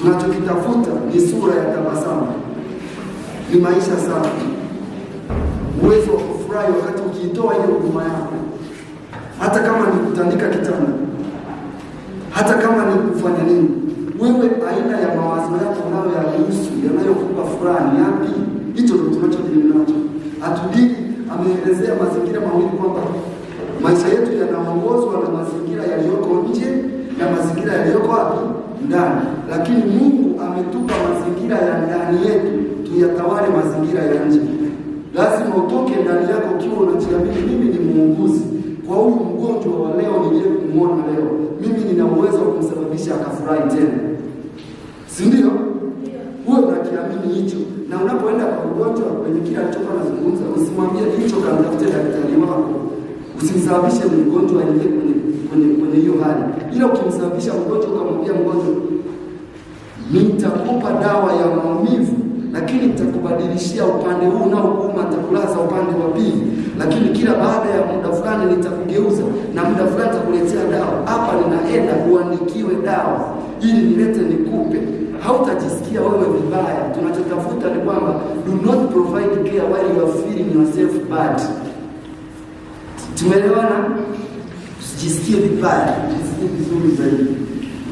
Tunachokitafuta ni sura ya tabasamu, ni maisha safi, uwezo wa kufurahi wakati ukiitoa ile huduma yako, hata kama ni kutandika kitanda, hata kama ni kufanya nini. Wewe, aina ya mawazo yako unayoyaruhusu yanayokupa furaha ni yapi? Hicho ndio tunachodili nacho. Hatudili, ameelezea mazingira mawili kwamba maisha yetu yanaongozwa na mazingira yaliyoko nje na mazingira yaliyo ndani, lakini Mungu ametupa mazingira ya ndani yetu tuyatawale mazingira ya nje. Lazima utoke ndani yako ukiwa unajiamini, mimi ni muuguzi kwa huyu mgonjwa wa leo niliye kumwona leo, mimi nina uwezo wa kumsababisha akafurahi tena, si ndio? Huwe unakiamini hicho, na unapoenda kwa mgonjwa kwenye kile alichokuwa anazungumza, usimwambie hicho, kamtafute daktari wako, usimsababishe mgonjwa aingie kwenye kwenye hiyo hali, ila ukimsababisha mgonjwa ukamwambia mgonjwa nitakupa dawa ya maumivu, lakini nitakubadilishia upande huu unaokuuma, takulaza upande wa pili, lakini kila baada ya muda fulani nitakugeuza, na muda fulani nitakuletea dawa. Hapa ninaenda uandikiwe dawa ili nilete nikupe Hautajisikia wewe vibaya. Tunachotafuta ni kwamba do not provide care while you are feeling yourself bad. Tumeelewana? Usijisikie vibaya, jisikie vizuri zaidi.